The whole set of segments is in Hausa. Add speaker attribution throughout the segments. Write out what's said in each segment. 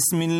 Speaker 1: بسم الله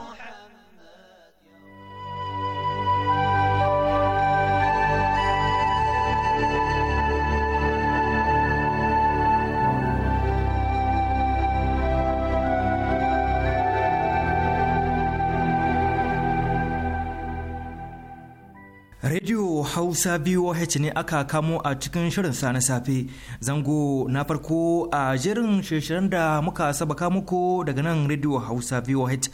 Speaker 2: Hausa VOH ne aka kamo a cikin shirin sa na safe. Zango na farko a jerin shirin da muka sabaka muku daga nan Radio Hausa VOH.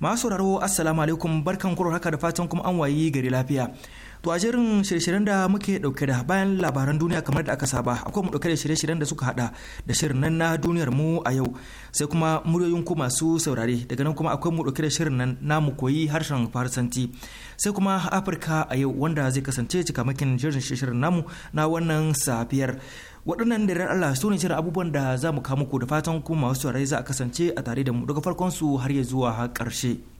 Speaker 2: Masu sauraro Assalamu alaikum barkan kuro haka da fatan kuma an wayi gari lafiya. To a jerin shirye-shiryen da muke dauke da bayan labaran duniya kamar da aka saba akwai mu dauke da shirye-shiryen da suka hada da shirin nan na duniyar mu a yau sai kuma muryoyin ku masu saurare daga nan kuma akwai mu dauke da shirin nan na mu koyi harshen faransanci sai kuma Afirka a yau wanda zai kasance cikamakin jirin shiryen namu na wannan safiyar. waɗannan da Allah su ne shirin abubuwan da za mu kawo muku da fatan kuma masu saurare za a kasance a tare da mu daga farkon su har ya zuwa ƙarshe.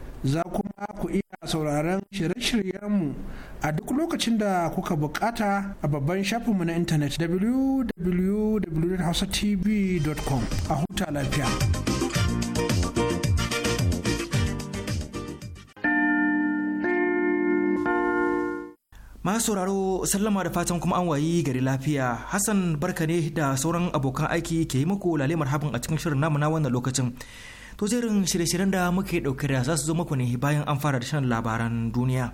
Speaker 3: za kuma ku iya sauraron shirye-shiryenmu a duk lokacin da kuka bukata a babban shafinmu na intanet www.hausatv.com a huta lafiya.
Speaker 2: Masu sauraro sallama da fatan kuma an wayi gari lafiya Hassan barka ne da sauran abokan aiki ke yi muku lalimar habin a cikin shirin namu na wannan lokacin. to jerin shirye-shiryen da muke ɗauke da za su zo muku ne bayan an fara da shan labaran duniya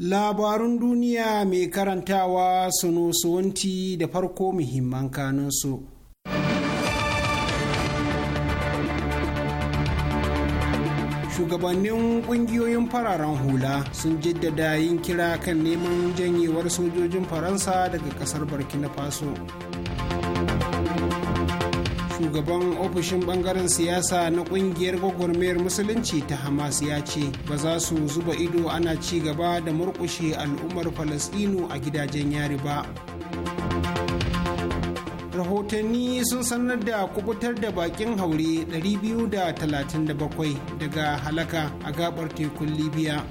Speaker 4: Labarun duniya mai karantawa suwanti da farko muhimman kanunsu. shugabannin kungiyoyin fararen hula sun jaddada yin kira kan neman janyewar sojojin faransa daga kasar burkina faso shugaban ofishin bangaren siyasa na kungiyar gwagwarmayar musulunci ta hamas ya ce ba za su zuba ido ana ci gaba da murkushe al'ummar falasdino a gidajen yari ba rahotanni sun sanar da kubutar da bakin haure 237 daga halaka a gabar tekun libya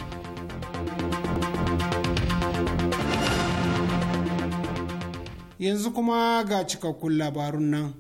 Speaker 4: yanzu kuma ga cikakkun labarun nan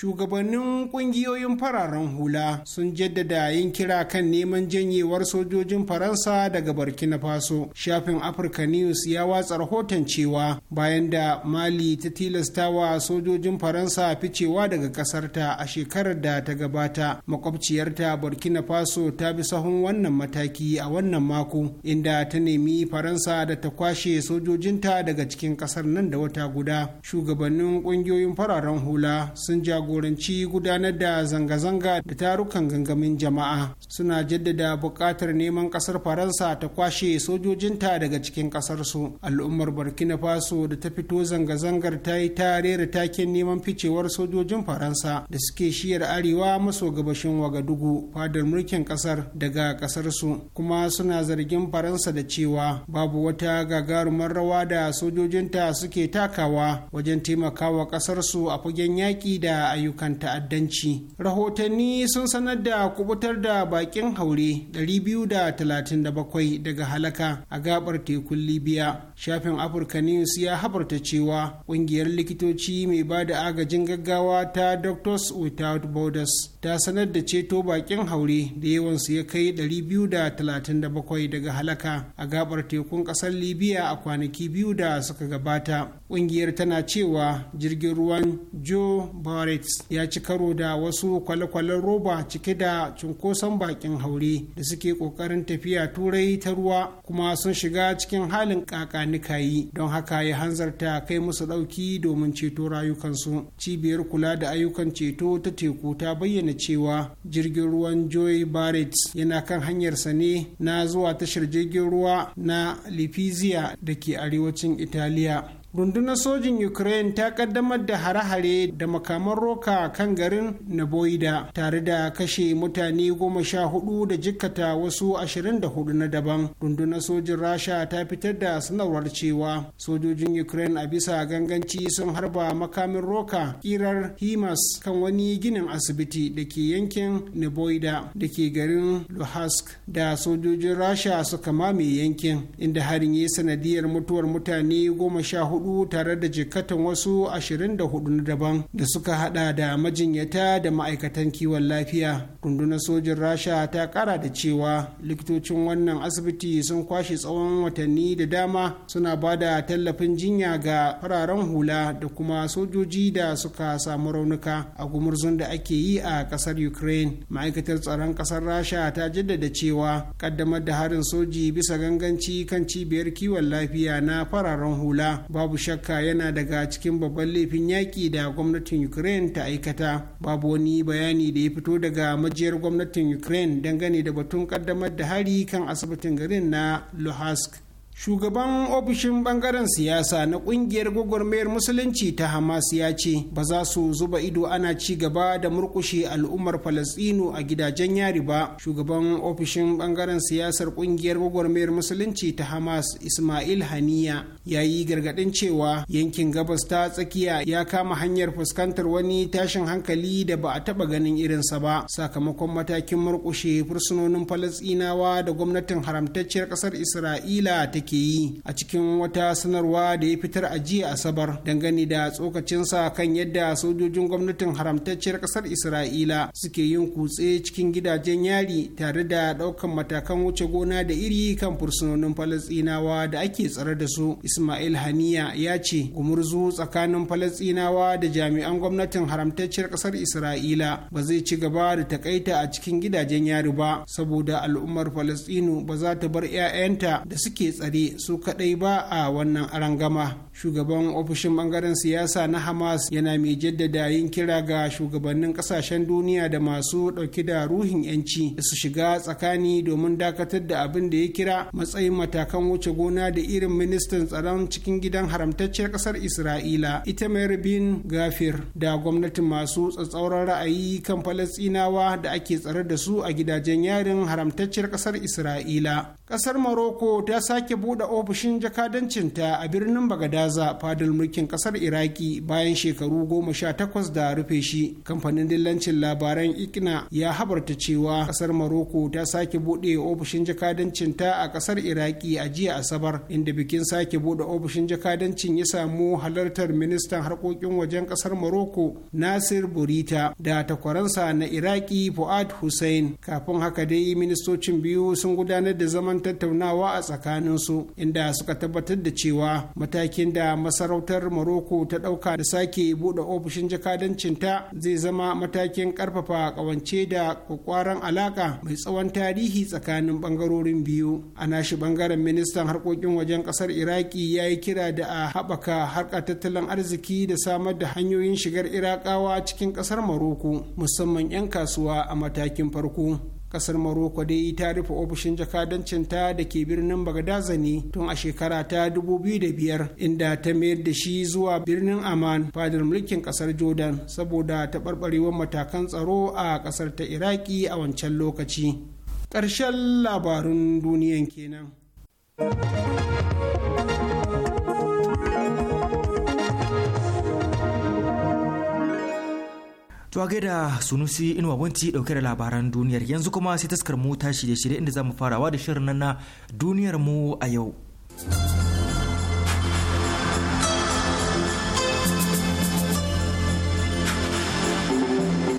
Speaker 4: shugabannin kungiyoyin fararen hula sun jaddada yin kira kan neman janyewar sojojin faransa daga burkina faso shafin africa news ya watsa rahoton cewa bayan da mali ta tilasta wa sojojin faransa ficewa daga kasarta a shekarar da ta gabata makwabciyarta burkina faso ta bi sahun wannan mataki a wannan mako inda ta nemi faransa da ta kwashe sojojinta daga cikin kasar nan da wata guda shugabannin kungiyoyin fararen hula sun jago jagoranci gudanar da zanga-zanga da tarukan gangamin jama'a suna jaddada buƙatar neman ƙasar faransa ta kwashe sojojinta daga cikin ƙasarsu al'ummar burkina faso da ta fito zanga-zangar ta yi ta rera taken neman ficewar sojojin faransa da suke shiyar arewa maso gabashin wagadugu fadar mulkin ƙasar daga ƙasarsu kuma suna zargin faransa da cewa babu wata gagarumar rawa da sojojinta suke takawa wajen taimakawa ƙasarsu a fagen yaƙi da ayyukan ta'addanci rahotanni sun sanar da kubutar da bakin haure 237 daga halaka a gabar tekun libya shafin afirka news ya habarta cewa kungiyar likitoci mai ba da agajin gaggawa ta doctors without borders ta sanar da ceto bakin haure da yawansu ya kai 237 daga halaka a gabar tekun kasar libya a kwanaki biyu da suka gabata kungiyar tana cewa jirgin ruwan joe barrett emirates ya ci karo da wasu kwale-kwalen roba cike da cunkoson bakin haure da suke kokarin tafiya turai ta ruwa kuma sun shiga cikin halin kaka nikayi don haka ya hanzarta kai musu ɗauki domin ceto rayukansu cibiyar kula da ayyukan ceto ta teku ta bayyana cewa jirgin ruwan joy barrett yana kan hanyarsa ne na zuwa tashar jirgin ruwa na lipizia da ke arewacin italiya rundunar sojin ukraine ta kaddamar da hare-hare da makaman roka kan garin naboida tare da kashe mutane goma sha hudu da jikkata wasu ashirin da hudu na daban rundunar sojin rasha ta fitar da sanarwar cewa sojojin ukraine a bisa ganganci sun harba makamin roka kirar himas kan wani ginin asibiti da ke yankin naboida da ke garin luhask da sojojin rasha suka mame yankin inda harin ya sanadiyar mutuwar mutane goma sha hudu hudu tare da jikatan wasu ashirin da hudu na daban da suka hada da majinyata da ma'aikatan kiwon lafiya rundunar sojin rasha ta kara da cewa likitocin wannan asibiti sun kwashe tsawon watanni da dama suna ba da tallafin jinya ga fararen hula da kuma sojoji da suka samu raunuka a gumurzun da ake yi a kasar ukraine ma'aikatar tsaron kasar rasha ta jaddada cewa kaddamar da harin soji bisa ganganci kan cibiyar kiwon lafiya na fararen hula babu babu shakka yana daga cikin babban laifin yaƙi da gwamnatin ukraine ta aikata babu wani bayani da ya fito daga majiyar gwamnatin ukraine dangane da batun kaddamar da hari kan asibitin garin na luhansk shugaban ofishin bangaren siyasa na kungiyar gwagwarmayar musulunci ta hamas ya ce ba za su zuba ido ana ci gaba da murkushe al'ummar falastinu a gidajen yari ba shugaban ofishin bangaren siyasar kungiyar gwagwarmayar musulunci ta hamas ismail haniya ya yi gargaɗin cewa yankin gabas ta tsakiya ya kama hanyar fuskantar wani tashin hankali da ba a taɓa ganin irinsa ba sakamakon matakin murƙushe fursunonin falasɗinawa da gwamnatin haramtacciyar ƙasar isra'ila take yi a cikin wata sanarwa da ya fitar a jiya asabar dangane da tsokacinsa kan yadda sojojin gwamnatin haramtacciyar ƙasar isra'ila suke yin kutse cikin gidajen yari tare da ɗaukan matakan wuce gona da iri kan fursunonin falasɗinawa da ake tsare da su ismail haniya ya ce gumurzu tsakanin falasinawa da jami'an gwamnatin haramtacciyar kasar isra'ila ba zai ci gaba da takaita a cikin gidajen yari ba saboda al'ummar falasinu ba za ta bar 'ya'yanta da suke tsare su kaɗai ba a wannan arangama shugaban ofishin bangaren siyasa na hamas yana mai jaddada yin kira ga shugabannin kasashen duniya da masu dauke da ruhin yanci da su shiga tsakani domin dakatar da abin da ya kira matsayin matakan wuce gona da irin ministan tsaron cikin gidan haramtacciyar kasar isra'ila ita mai bin gafir da gwamnatin masu tsatsauran ra'ayi kan falastinawa da ake tsare da su a gidajen yarin haramtacciyar kasar isra'ila kasar maroko ta sake buɗe ofishin jakadancinta a birnin bagada gaza fadar mulkin kasar iraki bayan shekaru goma sha takwas da rufe shi kamfanin dillancin labaran ikna ya habarta cewa kasar maroko ta sake buɗe ofishin jakadancin ta a kasar iraki a jiya asabar inda bikin sake buɗe ofishin jakadancin ya samu halartar ministan harkokin wajen kasar maroko nasir burita da takwaransa na iraki fuad hussein kafin haka dai ministocin biyu sun gudanar da zaman tattaunawa a tsakanin su inda suka tabbatar da cewa matakin da masarautar Morocco ta dauka da sake buɗe ofishin jakadancinta zai zama matakin ƙarfafa ƙawance da kwakwaran alaƙa mai tsawon tarihi tsakanin ɓangarorin biyu. A nashi ɓangaren ministan harkokin wajen ƙasar Iraki ya yi kira da a haɓaka harkar tattalin arziki da samar da hanyoyin shigar Irakawa cikin ƙasar Morocco musamman 'yan kasuwa a matakin farko. kasar maroko dai ta rufe ofishin jakadancinta da ke birnin bagadaza ne tun a shekara ta 2005 inda ta mayar da shi zuwa birnin amman fadar mulkin kasar jordan saboda taɓarɓarewar matakan tsaro a kasar ta iraki a wancan lokaci ƙarshen labarun duniyan kenan.
Speaker 2: To da Sunusi Inuwa Wanti dauke da labaran duniyar yanzu kuma sai taskar mu ta shirye shirye inda zamu farawa da shirin na duniyar mu a yau.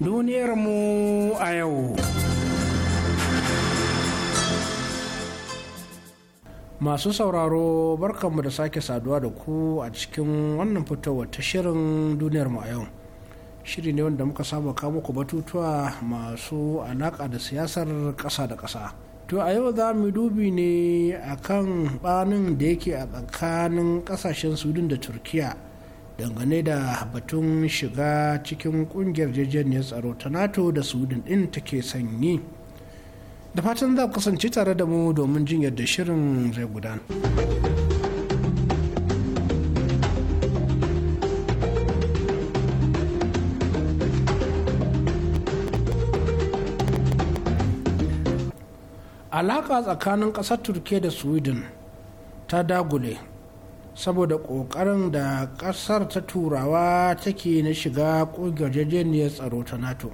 Speaker 3: Duniyar mu a yau. Masu sauraro barkanmu da sake saduwa da ku a cikin wannan fitowar ta shirin duniyar mu a yau. shiri ne wanda muka saba kawo muku batutuwa masu alaka da siyasar ƙasa da ƙasa to a yau za mu dubi ne a kan banin da yake a tsakanin ƙasashen sudan da turkiya dangane da batun shiga cikin ƙungiyar jejeniyar tsaro ta nato da sudan ɗin take sanyi da fatan za ku kasance tare da mu domin jin yadda shirin zai gudana. alaka tsakanin ƙasar turkiya da sweden ta dagule saboda ƙoƙarin da ƙasar ta turawa take na shiga ƙungiyar tsaro ta nato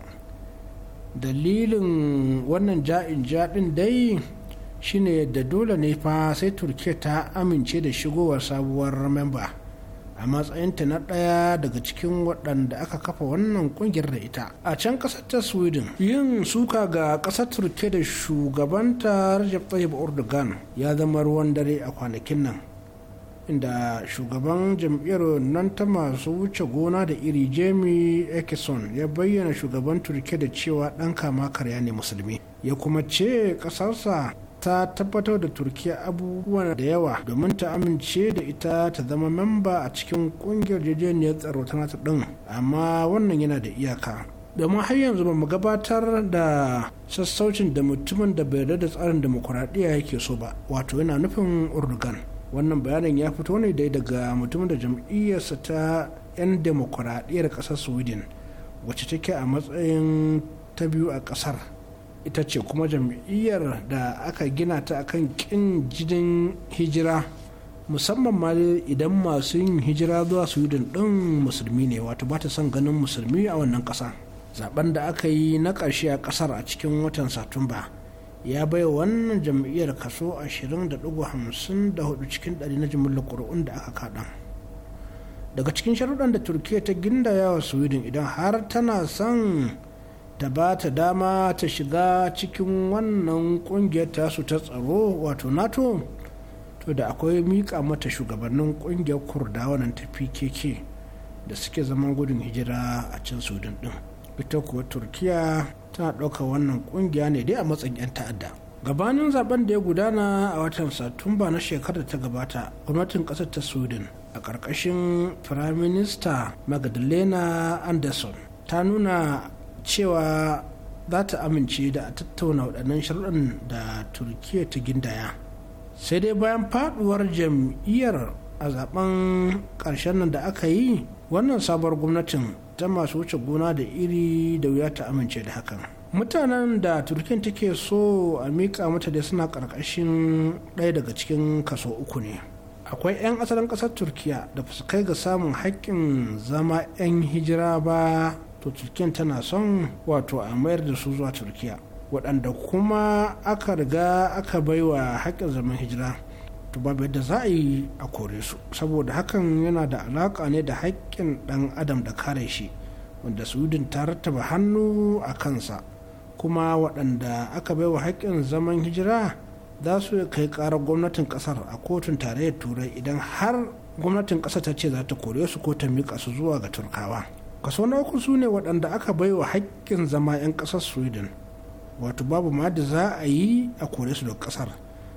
Speaker 3: dalilin wannan ja'in jaɗin dai shine da dole ne fa sai turkiya ta amince da shigowar sabuwar memba a matsayinta na ɗaya daga cikin waɗanda aka kafa wannan ƙungiyar da ita a can ƙasar ta sweden yin suka ga ƙasar turke da shugabanta rajab tayyip erdogan ya zama ruwan dare a kwanakin nan inda shugaban jam'iyyar nan ta masu wuce gona da iri jamie ekison ya bayyana shugaban turke da cewa ɗan kama karya ne musulmi ya kuma ce ƙasarsa ta tabbatar da turkiya abubuwa da yawa domin ta amince da ita ta zama memba a cikin kungiyar jejeniyar tsaro ta nata din amma wannan yana da iyaka domin har yanzu ba mu gabatar da sassaucin da mutumin da bai yarda da tsarin demokuraɗiyya yake so ba wato yana nufin urdugan wannan bayanin ya fito ne dai daga mutumin da jam'iyyarsa ta 'yan demokuraɗiyyar ƙasar sweden wacce take a matsayin ta biyu a ƙasar ita ce kuma jam'iyyar da aka gina ta akan kin jinin hijira musamman ma idan masu yin hijira zuwa sweden ɗin musulmi ne wato ba ta son ganin musulmi a wannan kasa zaben da aka yi na ƙarshe a ƙasar a cikin watan satumba ya bai wannan jam'iyyar kaso 20.54 cikin 100 na jimillar ƙuri'un da aka kaɗa daga cikin sharuɗan da turkiya ta gindaya wa sweden idan har tana son ta ba ta dama ta shiga cikin wannan kungiyar tasu ta tsaro wato nato to da akwai mika mata shugabannin kungiyar kurdawa nan ta pkk da suke zaman gudun hijira a can sudan din ita kuwa turkiya tana ɗauka wannan kungiya ne dai a matsayin 'yan ta'adda gabanin zaben da ya gudana a watan satumba na shekarar da ta gabata gwamnatin ƙasar ta sudan a ƙarƙashin firaminista magdalena anderson ta nuna cewa za ta amince da a tattauna waɗannan sharuɗan da turkiya ta gindaya sai dai bayan faduwar jam'iyyar a zaben ƙarshen nan da aka yi wannan sabuwar gwamnatin ta masu wuce gona da iri da wuya ta amince da hakan mutanen da turkiya take so a mika mata da suna ƙarƙashin ɗaya daga cikin kaso uku ne akwai 'yan asalin ƙasar Turkiyya da su kai ga samun haƙƙin zama 'yan hijira ba to turkiyan tana son wato a mayar da su zuwa turkiya waɗanda kuma aka riga aka baiwa haƙƙin zaman hijira to babu yadda za a yi a kore su saboda hakan yana da alaƙa ne da haƙƙin ɗan adam da kare shi wanda sweden ta rattaba hannu a kansa kuma waɗanda aka baiwa haƙƙin zaman hijira za su kai ƙarar gwamnatin ƙasar a kotun tarayyar turai idan har gwamnatin ƙasar ta ce za ta kore su ko ta miƙa su zuwa ga turkawa kaso na uku su ne waɗanda aka bai wa haƙƙin zama 'yan ƙasar sweden wato babu ma da za a yi a kore su da ƙasar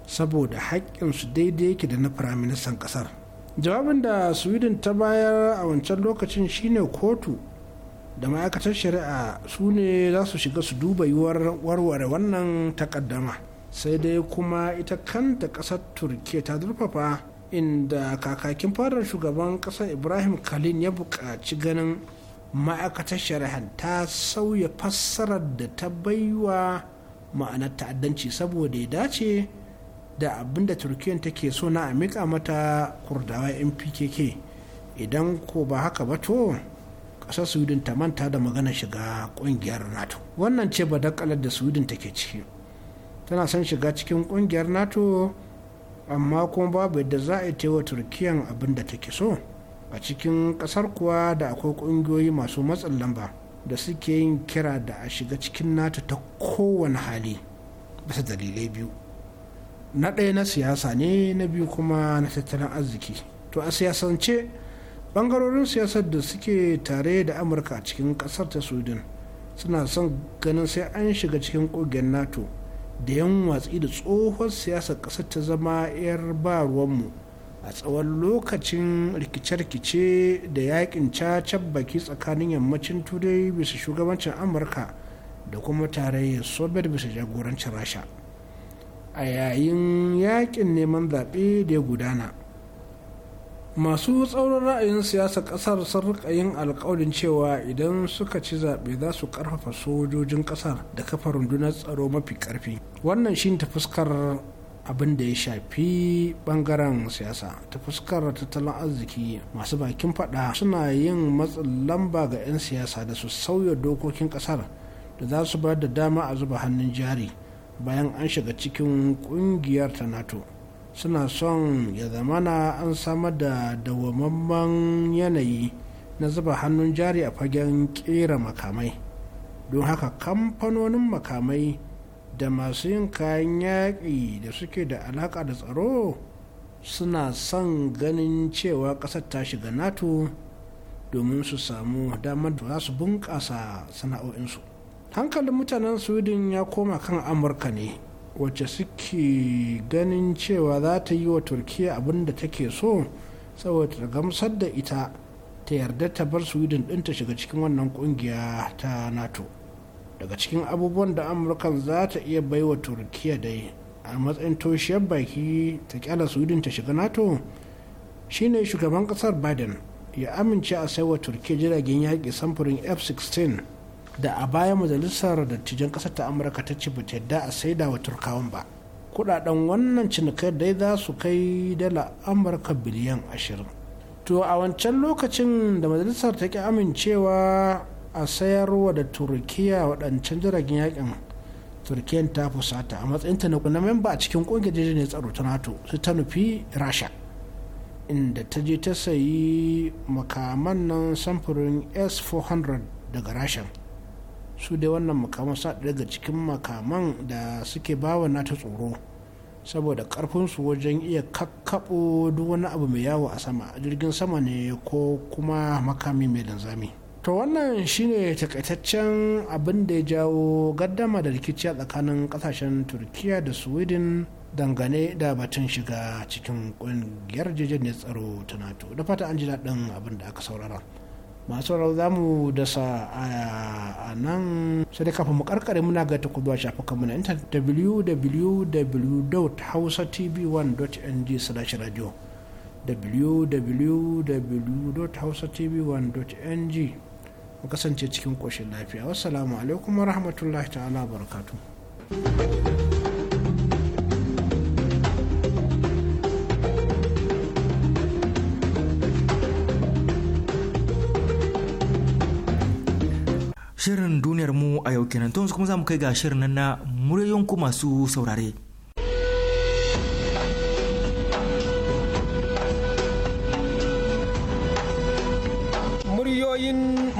Speaker 3: saboda haƙƙin su daidai yake da na firaministan ƙasar jawabin da sweden ta bayar a wancan lokacin shine kotu da ma'aikatar shari'a su ne za su shiga su duba yiwuwar warware wannan takaddama sai dai kuma ita kanta ƙasar turkiya ta zurfafa inda kakakin fadar shugaban ƙasar ibrahim kalin ya buƙaci ganin ma'aikatar shari'a ta sauya fassarar da ta baiwa ma'anar ta'addanci saboda ya dace da abin da turkiyyar take so na a amika mata kurdawa yan pkk idan ko ba haka ba to ƙasar sweden ta manta da magana shiga ƙungiyar nato wannan ce badakalar da sweden take ciki tana son shiga cikin ƙungiyar nato amma kuma babu yadda za a yi wa turkiyya abin da take so a cikin ƙasar kuwa da akwai ƙungiyoyi masu matsin lamba da suke yin kira da a shiga cikin nata ta kowane hali bisa dalilai biyu na ɗaya na siyasa ne na biyu kuma na tattalin arziki to a siyasance ɓangarorin siyasar da suke tare da amurka a cikin ƙasar ta sudan suna son ganin sai an shiga cikin ƙungiyar nato da yan watsi da tsohon siyasar ƙasar ta zama 'yar ba ruwanmu a tsawon lokacin rikice-rikice da yakin cacen baki tsakanin yammacin turai bisa shugabancin amurka da kuma tarayyar soviet bisa jagorancin rasha a yayin yakin neman zaɓe da ya gudana masu tsaurin ra'ayin siyasar ƙasar sun rika yin alkawarin cewa idan suka ci zaɓe za su ƙarfafa sojojin ƙasar da kafa rundunar tsaro mafi ƙarfi wannan shi ta fuskar abin da ya shafi bangaren siyasa ta fuskar tattalin arziki masu bakin fada suna yin matsin lamba ga 'yan siyasa da su sauya dokokin kasar da za su ba da dama a zuba hannun jari bayan an shiga cikin kungiyar ta nato suna son ya zama na an samar da dawamamman yanayi na zuba hannun jari a fagen kera makamai don haka kamfanonin makamai da masu yin kayan yaƙi da suke da alaƙa da tsaro suna son ganin cewa ƙasar ta shiga nato domin su samu damar da za su bunƙasa sana'o'insu hankalin mutanen sweden ya koma kan amurka ne wacce suke ganin cewa za ta yi wa turkiya abin da take so saboda ta gamsar da ita ta yarda ta bar sweden ɗin ta shiga cikin wannan ƙungiya ta nato daga cikin abubuwan da amurkan za ta iya baiwa turkiya dai a matsayin toshiyar baki ta kyala sweden ta shiga nato shine shugaban kasar biden ya amince a saiwa turkiya jiragen yaƙi samfurin f-16 da a baya majalisar dattijan ƙasar ta amurka ta ci bata yadda a saida wa turkawan ba kudaden wannan cinikai dai za su kai dala amurka biliyan ashirin to a wancan lokacin da majalisar ta ki amincewa a sayarwa da turkiya waɗancan jiragen yakin turkiyan ta fusata a matsayinta na kuna memba a cikin ƙungiyar jirgin tsaro ta nato su ta nufi rasha inda ta je ta sayi makaman nan samfurin s-400 daga rasha su dai wannan makaman sa daga cikin makaman da suke bawa nata tsoro saboda karfinsu wajen iya kakkaɓo duk wani abu mai yawo a sama jirgin sama ne ko kuma makami mai linzami to wannan shine takaitaccen abin da ya jawo gaddama da rikici a tsakanin kasashen turkiya da sweden dangane da batun shiga cikin kungiyar jijiyar tsaro ta nato da fata an ji daɗin abin da aka saurara masu rau za mu dasa a nan sai da kafin mu karkare muna ga ta kudu a shafukanmu na intanet www.hausatv1.ng slash radio www.hausatv1.ng ku kasance cikin koshin lafiya wassalamu alaikum wa rahmatullahi ta'ala barakatu
Speaker 2: shirin duniyar mu a yau kenan to kuma za mu kai ga shirin nan na muryoyin masu saurare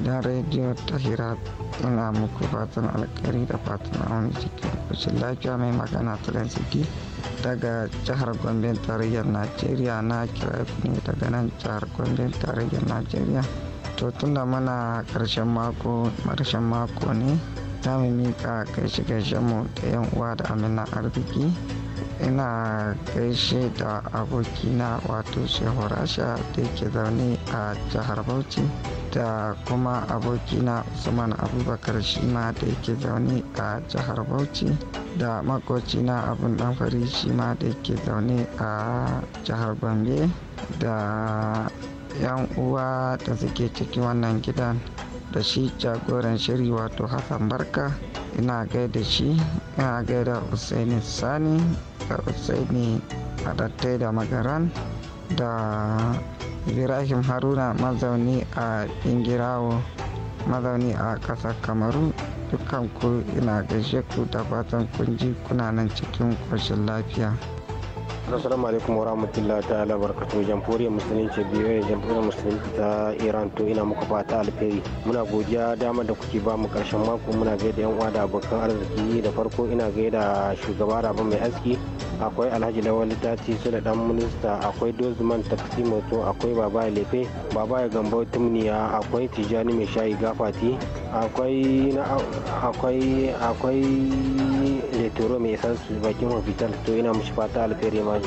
Speaker 5: gidan rediyo ta hira ina muku fatan alkari da fatan wani cikin kushin lafiya mai magana turan siki daga jihar gombe tarayyar najeriya na kira ne daga nan jihar gombe tarayyar najeriya to tunda muna karshen mako karshen mako ne za mu miƙa gaishe gaishe mu da yan uwa da amina arziki ina gaishe da abokina wato shehu rasha da yake zaune a jihar bauchi da kuma abokina usman abubakar shi ma da yake zaune a jihar bauchi da makocina abun ɗan fari shi ma da yake zaune a jihar gombe da yan uwa da suke cikin wannan gidan da shi jagoran shiri wato hassan barka ina gaida shi ina gaida usaini sani da usaini haɗattai da magaran da ibrahim haruna mazauni a ingirawo mazauni a ƙasar kamaru dukkan ku ina gaishe ku da fatan kun ji kuna nan cikin ƙoshin lafiya
Speaker 6: assalamu alaikum wa rahmatullahi ta'ala barkatu jamhuriyar musulunci biyu jamhuriyar musulunci ta iran to ina muku fata alheri muna godiya damar da kuke ba mu karshen mako muna gaida yan uwa da abokan arziki da farko ina gaida shugaba rabin mai aski akwai alhaji lawal tati su da dan minista akwai dozman taksi moto akwai baba lefe baba gambo tumniya akwai tijani mai shayi gafati akwai akwai akwai letoro mai sansu bakin hospital to ina mushi fata alheri ma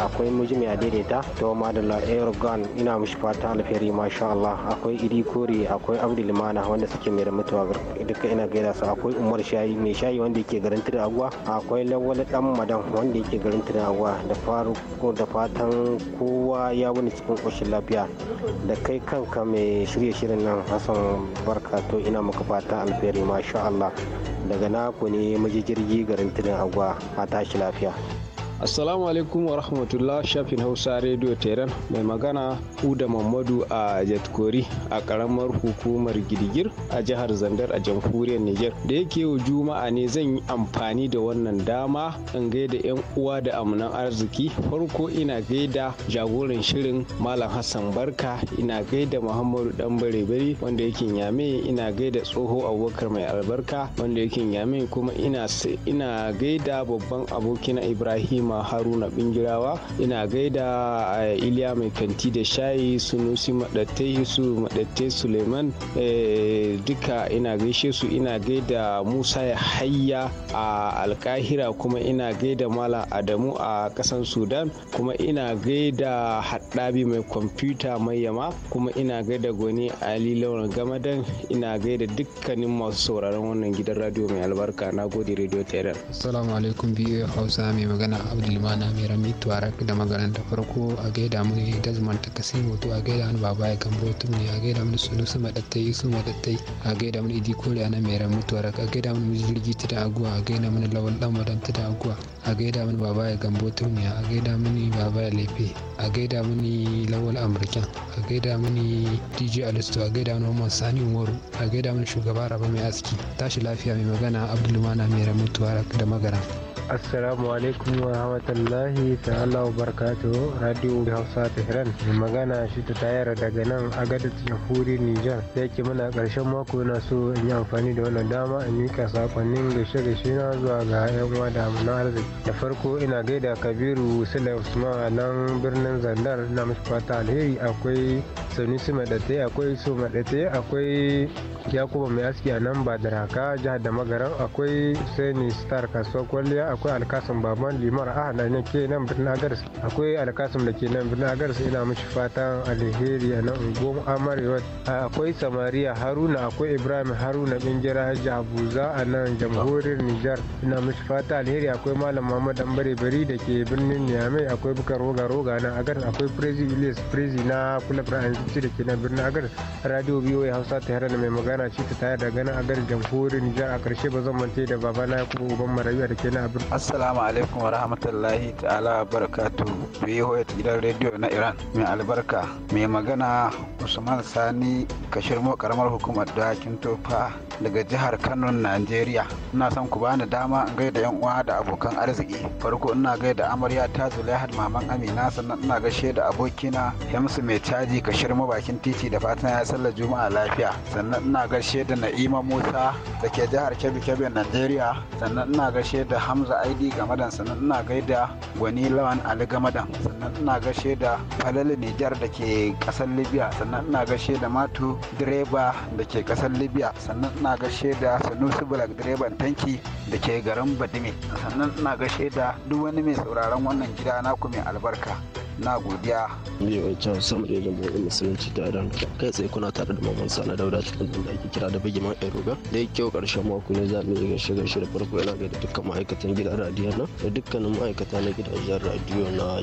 Speaker 6: akwai mujimi a daidaita to madalla erdogan ina mishi fata alheri masha Allah akwai idi kore akwai abdul mana wanda suke mai da mutuwa duka ina gaida su akwai umar shayi mai shayi wanda yake garin tudun agwa akwai lawal dan madan wanda yake garin tudun agwa da faruko da fatan kowa ya wuni cikin koshin lafiya da kai kanka mai shirye shirin nan hassan barka to ina maka fata alheri masha Allah daga naku ne miji jirgi garin tudun agwa a tashi lafiya
Speaker 7: Assalamu alaikum wa rahmatullah shafin Hausa Radio Tehran mai magana Uda Mamadu a Jatkori a karamar hukumar Girgir a jihar Zandar a jamhuriyar Niger. Da yake yau Juma'a ne zan yi amfani da wannan dama in gaida 'yan uwa da amunan arziki. Farko ina gaida jagoran shirin Malam Hassan Barka, ina gaida Muhammadu Dan Bare wanda yake yame ina gaida tsoho Abubakar mai albarka wanda yake yame kuma ina ina gaida babban abokina Ibrahim Fatima Haruna Bingirawa ina gaida eh, Iliya Mai Kanti da Shayi Sunusi Maɗattai su Maɗattai Suleiman eh, duka ina gaishe su ina gaida Musa Hayya a Alkahira kuma ina gaida mala Adamu a ƙasan Sudan kuma ina gaida Haɗabi Mai Kwamfuta Mai Yama kuma ina gaida Goni Ali Lawan Gamadan ina gaida dukkanin masu sauraron wannan gidan radio mai albarka na gode radio Tehran.
Speaker 3: Assalamu alaikum biyu Hausa mai magana rabi'u limana mai rami tuwarak da magaran da farko a gaida mini dazman ta kasimu to a gaida mini baba ya gambo tumni a gaida mini sunu su isu madattai a gaida mini idi kore na mai rami tuwarak a gaida mini jirgi Tida aguwa a gaida mini lawan dan madan ta da aguwa a gaida mini baba ya gambo tumni a gaida mini baba ya lefe a gaida mini lawal amurkan a gaida mini dj alisto a gaida mini Mohammed sani umaru a gaida mini shugaba raba mai aski tashi lafiya mai magana abdulmana mai rami tuwarak da magana
Speaker 8: assalamu alaikum wa rahmatullahi ta'ala wa radiyo radio hausa hiran mai magana shi ta tayar daga nan a agadis jamhuriyar nijar da yake muna karshen mako na so in yi amfani da wannan dama in mika sakonnin gaishe-gaishe na zuwa ga yan uwa da na arziki da farko ina gaida kabiru sule usman a nan birnin zandar na mashi fata alheri akwai sanusi madate akwai so madate akwai yakuba mai aski a nan badaraka jihar da magaran akwai sani star kasuwar kwalliya akwai alkasim baban limar ahana ne ke nan birnin agars akwai alkasim da ke nan birnin agars ina mishi fatan alheri a nan unguwar amarewa akwai samariya haruna akwai ibrahim haruna bingira jabuza a nan jamhuriyar nijar ina mishi fata alheri akwai malam muhammad dambare bari da ke birnin niamey akwai bukar roga roga nan agaris akwai prezi ilis prezi na kula birnin da ke nan birnin agars radio biyoyi hausa ta da mai magana ce ta tayar da ganin agaris jamhuriyar nijar a karshe ba zan mance da babana ya kuma uban marayu da ke nan a
Speaker 9: birnin assalamu alaikum wa rahmatullahi ta'ala barakatu biyu gidan rediyo na iran mai albarka mai magana usman sani kashirmo karamar hukumar dakin tofa daga jihar kano najeriya ina son ku bani dama in gaida yan uwa da abokan arziki farko ina gaida amarya ta zulaihat maman amina sannan ina gaishe da abokina hamsu mai caji kashirmo bakin titi da fatan ya sallar juma'a lafiya sannan ina gaishe da na'ima musa da ke jihar kebbi kebbi najeriya sannan ina gaishe da hamza ID Gamadan sannan ina gaida Gwani Lawan Ali Gamadan sannan ina gaishe da Falal Nijar da ke kasar Libya sannan ina gaishe da Matu direba da ke kasar Libya sannan ina gaishe da Sanusi Black direban tanki da ke garin Badime sannan ina gaishe da duk wani mai sauraron wannan gida naku mai albarka. na godiya
Speaker 10: biyu a can sama da jamhuriyar musulunci ta iran kai tsaye kuna tare da mamman na dauda cikin da ake kira da bigiman eroga da ya kyau karshen mako ne za mu yi gaishe gaishe da farko yana gaida dukkan ma'aikatan gidan radiyon nan da dukkanin ma'aikata na gidajen radiyo na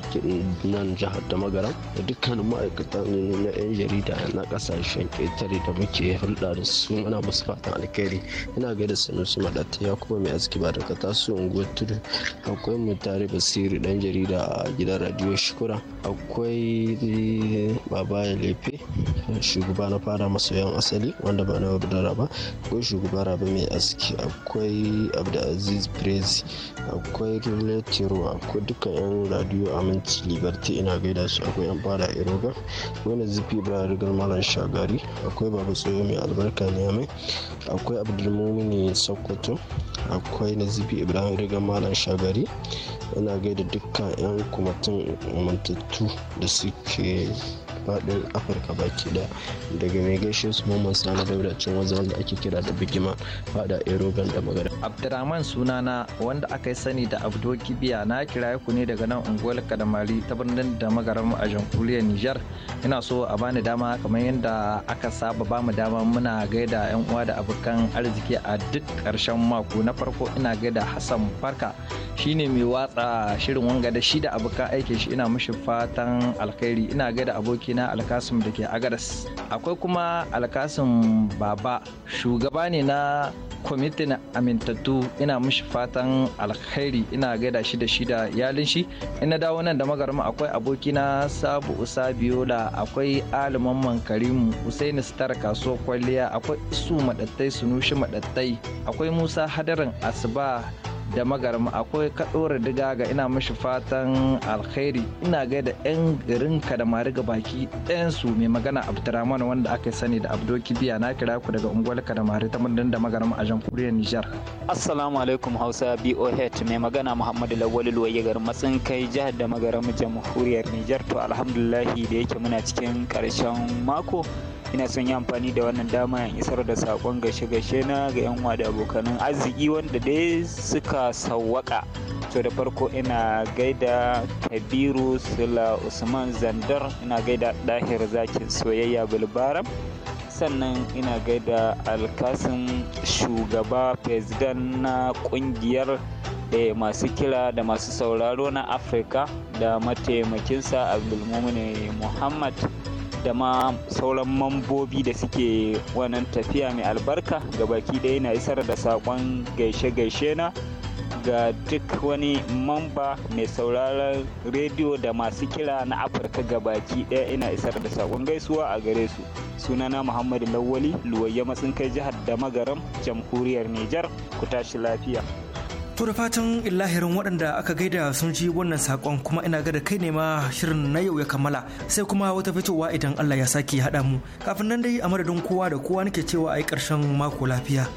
Speaker 10: nan jihar da magaram da dukkanin ma'aikata ne na yan jarida na kasashen ƙetare da muke hulɗa da su muna musu fatan alkhairi ina gaida sanusi madatta ya kuma mai aski ba ka taso unguwar tudu akwai mu tare basiri dan jarida a gidan radiyo shukura akwai baba ya lefe shugaba na fara masoyan asali wanda ba na budara ba akwai shugaba raba mai aski akwai abdulaziz prezi akwai rile tiro akwai dukkan yan radiyo aminci liberty ina gaida su akwai yan fara iroga wani zifi ibrahim rigar malam shagari akwai baba tsoyo mai albarka ne akwai abdulmumini sokoto akwai na nazifi ibrahim rigar malam shagari ina gaida dukkan yan kumatin umarta To the suke faɗin afirka baki daya daga mai gaishe su mamman sani dauda cin wanzu wanda ake kira da bigima faɗa erogan da magana
Speaker 11: abdurrahman sunana wanda aka yi sani da abdo gibiya na kira ku ne daga nan unguwar kadamari ta birnin da magaran a jamhuriyar nijar ina so a bani dama kamar yadda aka saba ba mu dama muna gaida yan uwa da abokan arziki a duk karshen mako na farko ina gaida hassan farka shine mai watsa shirin wanga da shi da abokan aikin shi ina mishi fatan alkhairi ina gaida abokina. na alkasim da ke agaras akwai kuma alkasim baba shugaba ne na kwamitin amintattu ina mushi fatan alkhairi ina gaida shi da shi da iyalin shi ina dawo nan da magarma akwai abokina sabu usa biola akwai aliman mankarimu usaini star kasuwar kwalliya akwai su madattai sunushi madattai akwai musa hadarin asuba da magaram akwai kaɗo diga ga ina mashi fatan alkhairi ina gaida 'yan garin kadamari ga baki ɗayansu mai magana abdurrahman wanda aka sani da abdo kibiya na kira ku daga unguwar kadamari ta mundun da magaram a jamhuriyar nijar
Speaker 12: assalamu alaikum hausa boh mai magana muhammadu lawal luwaye garin matsin kai jihar da magaram jamhuriyar nijar to alhamdulillahi da yake muna cikin karshen mako ina son yi amfani da wannan dama in isar da saƙon gashe-gashe na ga yan da abokanan arziki wanda dai suka sawwaka to da farko ina gaida kabiru sula usman zandar ina gaida dahir zakin soyayya bulbaram sannan ina gaida alkasin shugaba fesgan na kungiyar da eh, masu kira da masu sauraro na afirka da mataimakinsa abdulmumini muhammad da ma sauran mambobi da suke wannan tafiya mai albarka ga baki ɗaya na isar da saƙon gaishe-gaishe na ga duk wani mamba mai sauraron rediyo da masu kira na afirka ga baki ɗaya ina isar da sakon gaisuwa a gare su sunana muhammadu lawali luwayya matsinkai kai jihar da magaram jamhuriyar nijar ku tashi lafiya
Speaker 2: To da fatan illahirin waɗanda aka gaida sun ji wannan saƙon kuma ina ga da kai ne ma shirin na yau ya kammala sai kuma wata fitowa idan Allah ya sake haɗa mu kafin nan dai a madadin kowa da kowa nake cewa a yi ƙarshen mako lafiya.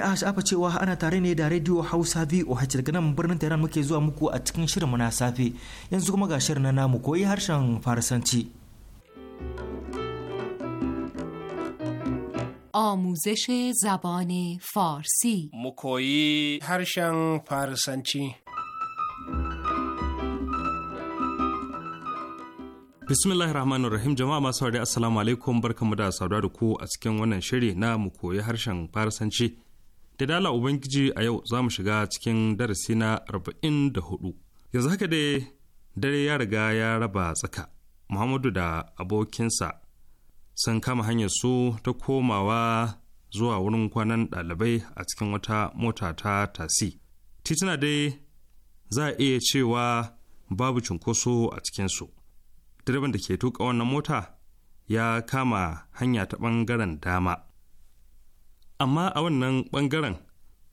Speaker 2: ya a shafa cewa ana tare ne da Radio Hausa VOH daga nan birnin Tehran muke zuwa muku a cikin mu na safe. Yanzu kuma ga shirin na namu koyi harshen Farsanci.
Speaker 13: آموزش زبان فارسی
Speaker 3: mukoyi harshen farisanci.
Speaker 14: bismillahir rahman rahim jama'a masu haɗe asalamu alaikum barkamu da saurara da ku a cikin wannan shiri na mu koyi harshen farasanci da dala ubangiji a yau za mu shiga cikin darasi na arba'in da hudu yanzu haka dai dare ya riga ya raba tsaka muhammadu da abokinsa sun kama hanyar su ta komawa zuwa wurin kwanan ɗalibai a cikin wata mota ta tasi tituna dai za a iya cewa babu cunkoso a cikinsu direban da ke tuka wannan mota ya kama hanya ta ɓangaren dama amma a wannan ɓangaren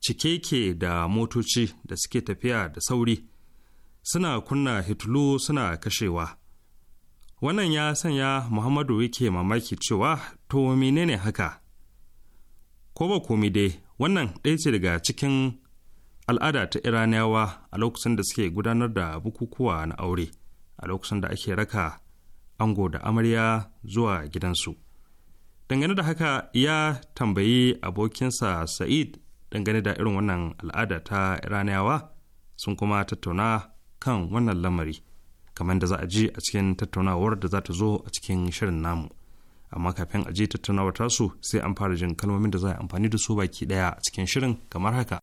Speaker 14: cike ke da motoci da suke tafiya da sauri suna kunna hitulu suna kashewa wannan ya sanya muhammadu yake mamaki cewa to menene haka ko ba komi dai wannan ɗaya ce daga cikin al'ada ta iraniyawa a lokacin da suke gudanar da bukukuwa na aure a lokacin da ake raka ango da amarya zuwa gidansu dangane da haka ya tambayi abokinsa sa'id dangane da irin wannan al'ada ta iraniyawa sun kuma tattauna kan wannan lamari kamar da za a ji a cikin tattaunawar da za ta zo a cikin shirin namu amma kafin a je tattaunawar tasu sai an fara jin kalmomin da za a amfani da su baki daya a cikin shirin kamar haka.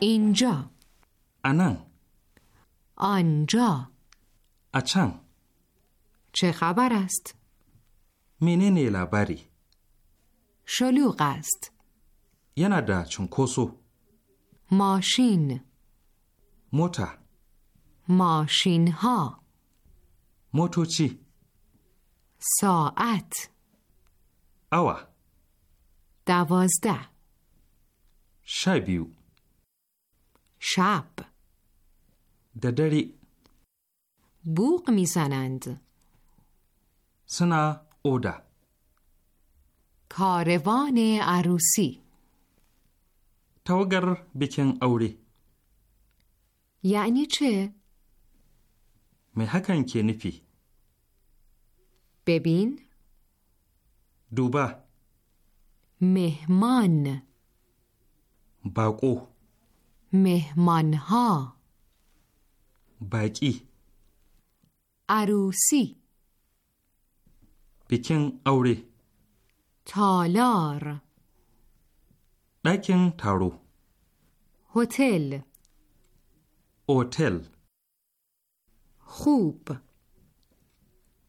Speaker 13: Inja. Anan. anja. اچان چه خبر است؟
Speaker 14: منه لبری شلوغ است یه دا چون کسو
Speaker 13: ماشین موتا ماشین ها چی؟ ساعت اوه دوازده
Speaker 14: شبیو شب ددری
Speaker 13: بوق میزنند سنا اودا کاروان عروسی
Speaker 14: توگر بیکن اوری
Speaker 13: یعنی چه؟
Speaker 14: می حکن که ببین دوبه
Speaker 13: مهمان
Speaker 14: باقو
Speaker 13: مهمانها
Speaker 14: باقی
Speaker 13: عروسی
Speaker 14: بیکن اوری
Speaker 13: تالار
Speaker 14: دکن تارو
Speaker 13: هتل هتل خوب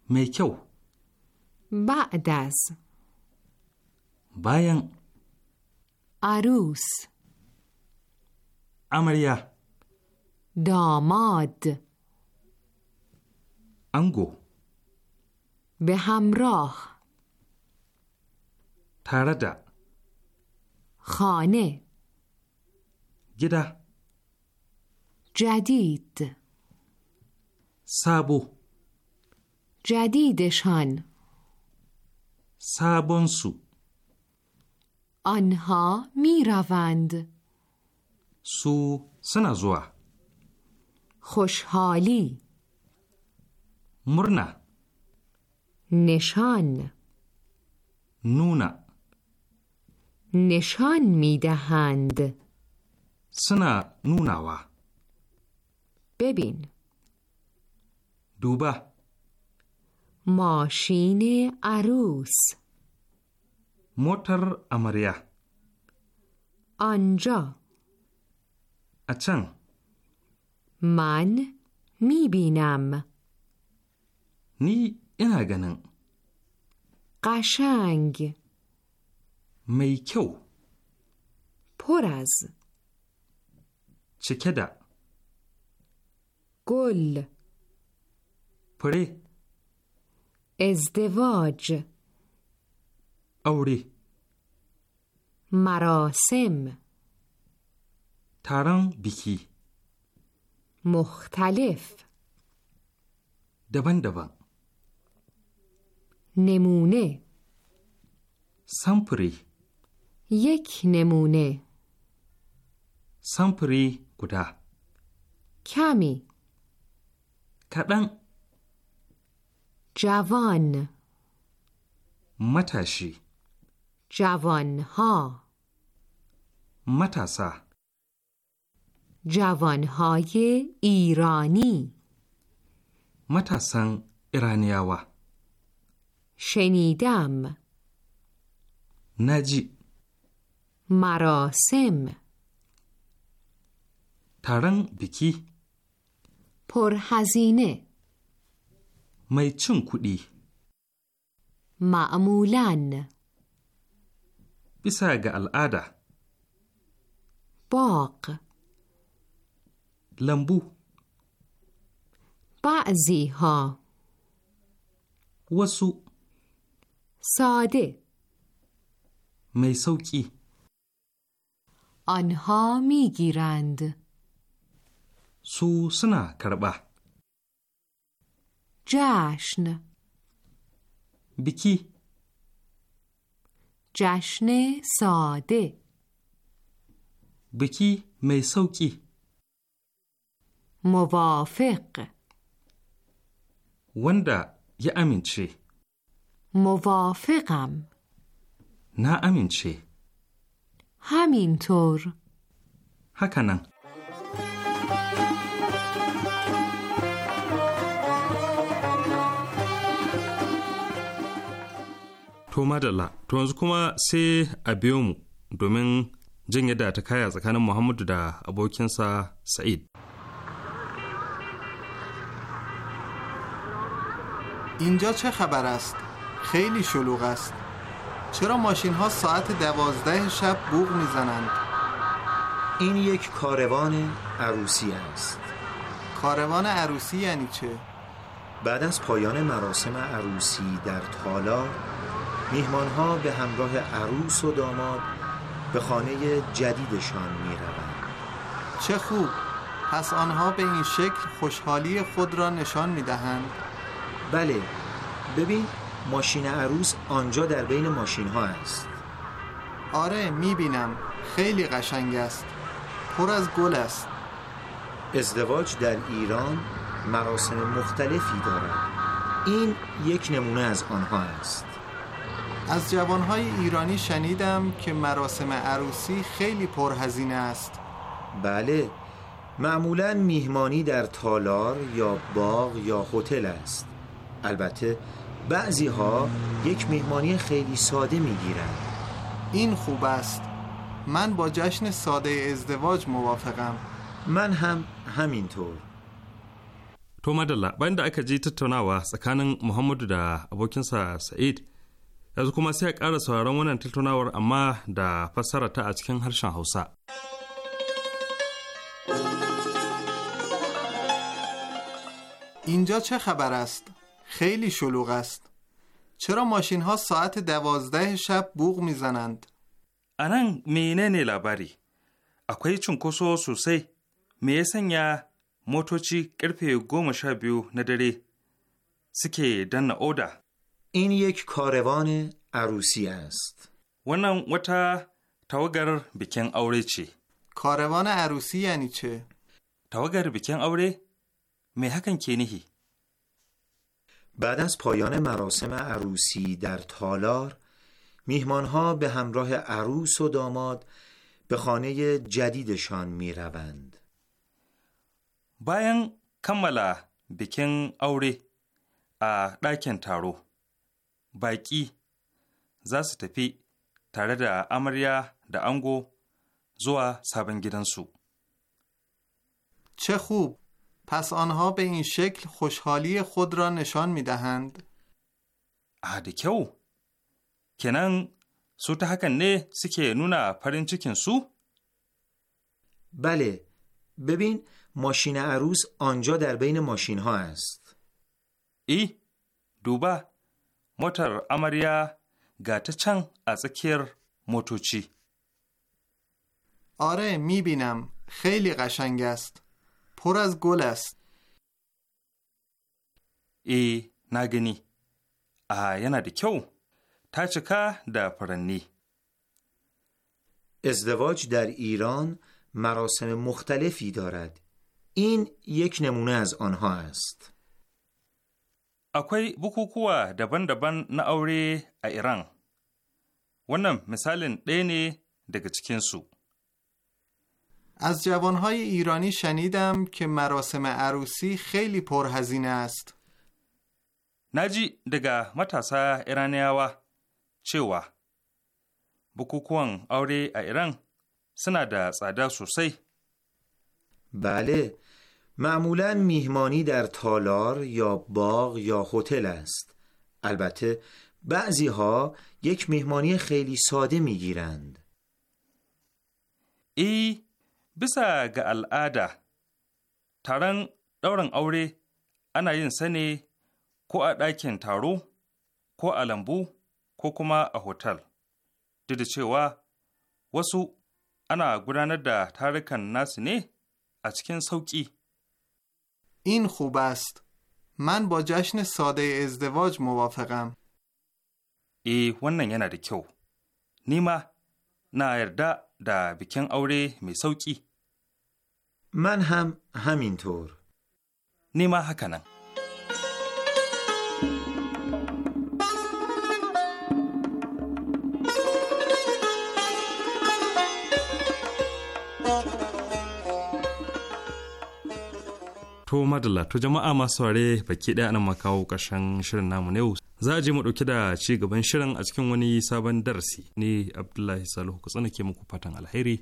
Speaker 13: میکو بعد از باین عروس امریا داماد انگو به همراه ترده خانه گده جدید سابو جدیدشان سابونسو آنها می روند
Speaker 14: سو سنازوا
Speaker 13: خوشحالی murna نشان نونا نشان میدهند سنا نوناوا ببین دوبه ماشین عروس
Speaker 14: موتر امریا
Speaker 13: آنجا اچن من میبینم
Speaker 14: نی اینا گنن
Speaker 13: قشنگ
Speaker 14: میکو پر از چکه گل پره
Speaker 13: ازدواج اوری مراسم
Speaker 14: تران بیکی
Speaker 13: مختلف دبن دبن نمونه
Speaker 14: سامپری
Speaker 13: یک نمونه
Speaker 14: سامپری گدا کمی کدن
Speaker 13: جوان
Speaker 14: متشی
Speaker 13: جوان ها
Speaker 14: متاسا
Speaker 13: جوان های ایرانی
Speaker 14: متسن ایرانیاوه
Speaker 13: شنیدم نجی مراسم
Speaker 14: ترن بکی
Speaker 13: پرهزینه
Speaker 14: mai cin kuɗi.
Speaker 13: Ma'amulan.
Speaker 14: Bisa ga al'ada.
Speaker 13: Bok. Lambu. Ba'azi ha. Wasu. ساده می آنها میگیرند
Speaker 14: سو سنا کربا
Speaker 13: جشن بکی جشن ساده
Speaker 14: بکی می سوکی
Speaker 13: موافق
Speaker 14: وندا یا امینچه
Speaker 13: موافقم
Speaker 14: نه امین چه
Speaker 13: همینطور
Speaker 14: هکنم To madalla, to yanzu kuma sai a biyo mu domin jin yadda ta kaya tsakanin Muhammadu da abokinsa Sa'id. اینجا چه خبر است؟ خیلی شلوغ
Speaker 15: است چرا ماشین ها ساعت دوازده شب بوغ میزنند؟
Speaker 16: این یک کاروان عروسی است کاروان عروسی یعنی چه؟ بعد از پایان مراسم عروسی در تالا میهمان ها به همراه عروس و داماد به خانه جدیدشان
Speaker 15: می روند. چه خوب پس آنها به این شکل خوشحالی خود را نشان می دهند بله ببین ماشین عروس آنجا
Speaker 16: در بین ماشین ها است
Speaker 15: آره میبینم خیلی قشنگ
Speaker 16: است پر از گل است ازدواج در ایران مراسم مختلفی دارد این یک نمونه از آنها است
Speaker 15: از جوانهای ایرانی شنیدم که مراسم عروسی خیلی پرهزینه
Speaker 16: است بله معمولا میهمانی در تالار یا باغ یا هتل است البته بعضی ها یک مهمانی خیلی ساده می این خوب است من با جشن ساده
Speaker 15: ازدواج موافقم من هم همینطور
Speaker 14: تو مدلا بند اکا جیت تناوه سکانن محمد دا ابوکن سا سعید از کما سیا کار سوارون ونن تلتوناور اما دا فسره تا اچکن هر شان
Speaker 15: اینجا چه خبر است خیلی شلوغ است چرا ماشین ها ساعت
Speaker 14: دوازده شب بوغ میزنند؟ آنان مینه نیلا باری اکوی چون کسو سوسی میسن یا موتوچی کرپی گوم شبیو نداری سکی دن اودا این یک کاروان عروسی است و وطا توگر بکن اوری چی کاروان عروسی یعنی چه؟ توگر بکن اوره می هکن
Speaker 15: که
Speaker 16: بعد از پایان مراسم عروسی در تالار میهمانها به همراه عروس و داماد به خانه جدیدشان می روند. باین
Speaker 14: کملا بیکن اوری ا داکن تارو باقی za su tafi دا امریا دا انگو زوا
Speaker 15: چه خوب پس آنها به این شکل
Speaker 14: خوشحالی خود را نشان می دهند. آده کیو کنن سو هکن نه سکه نونا پرین چکن سو؟
Speaker 16: بله ببین ماشین عروس آنجا در بین ماشین ها است ای دوبا موتر امریا
Speaker 14: گاته چنگ از اکیر موتوچی آره
Speaker 15: میبینم خیلی قشنگ است پر از گل است
Speaker 14: ای نگنی آیا ندی کیو
Speaker 16: تا چکا دا پرنی ازدواج در ایران مراسم مختلفی دارد این یک نمونه از آنها است
Speaker 14: اکوی بکوکوه دا بند نه نا اوری ایران ونم مثال دینی دگه سو
Speaker 15: از جوانهای ایرانی شنیدم که مراسم عروسی خیلی
Speaker 14: پرهزینه است. نجی دگه متاسا ایرانیاوا چوا بکوکوان آوری ایران سنا
Speaker 16: ساده سوسی بله معمولا میهمانی در تالار یا باغ یا هتل است البته بعضی ها یک مهمانی خیلی ساده میگیرند
Speaker 14: ای bisa ga al'ada taron ɗaurin aure ana yin sa ne ko a ɗakin taro ko a lambu ko kuma a hotel duk da cewa wasu ana gudanar da tarukan nasu ne a cikin sauƙi in hubast,
Speaker 15: man ba jashin sade ازدواج موافقم. Eh,
Speaker 14: wannan yana da kyau. Nima na yarda da bikin aure mai
Speaker 16: sauƙi. من هم همینطور نیما هکنم
Speaker 14: To madalla to jama'a masu ware baki ɗaya nan makawo ƙarshen shirin namu na yau za a je mu ɗauki da ci gaban shirin a cikin wani sabon darasi ne Abdullahi Salihu ku ke muku fatan alheri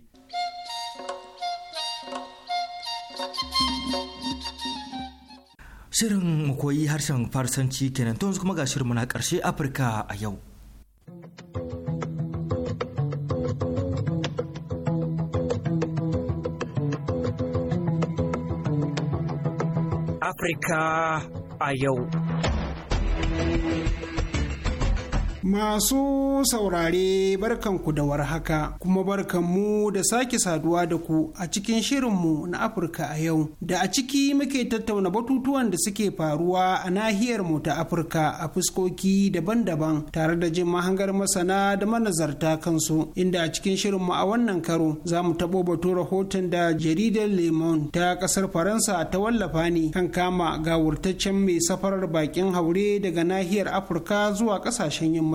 Speaker 2: Shirin mu koyi harshen Farsanci kenan to kuma ga shirin na ƙarshe Afirka a yau. Afirka a yau.
Speaker 4: Masu saurare barkanku da warhaka kuma barkanmu da sake saduwa da ku a cikin shirinmu na Afirka a yau da a ciki muke tattauna batutuwan da suke faruwa a nahiyar mu ta Afirka a fuskoki daban-daban tare da jin mahangar masana da manazarta kansu inda a cikin shirinmu a wannan karo za mu taɓo batu rahoton da jaridar lemon ta ƙasar Faransa ta wallafa ne kan kama gawurtaccen mai safarar baƙin haure daga nahiyar Afirka zuwa ƙasashen yamma